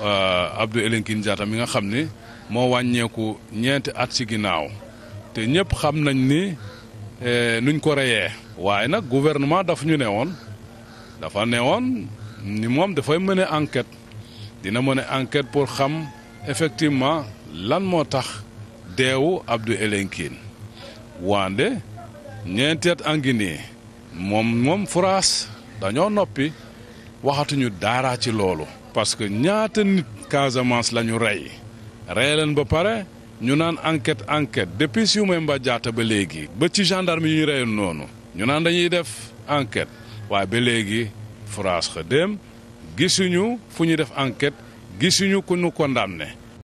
Euh, Abdou Elinkine Diatta mi nga xam ni moo wàññeeku ñeenti at ci ginnaaw te ñëpp xam nañ ni eh, nuñ ko reyee. waaye nag gouvernement daf ñu ne woon dafa ne woon ni moom dafay mën a enquête dina mën a enquête pour xam effectivement lan moo tax deewu Abdou Elinkine waande ñeenti at angi nii moom moom France dañoo noppi. waxatuñu daara ci loolu. parce que ñaata nit Casamance la ñu rey rey leen ba pare ñu naan enquête enquête depuis Sioumay Mbadiatta ba léegi. ba ci gendarme yi ñu reyoon noonu. ñu naan dañuy def enquête waaye ba léegi France xa dem gisuñu fu ñu def enquête gisuñu ku ñu condamné.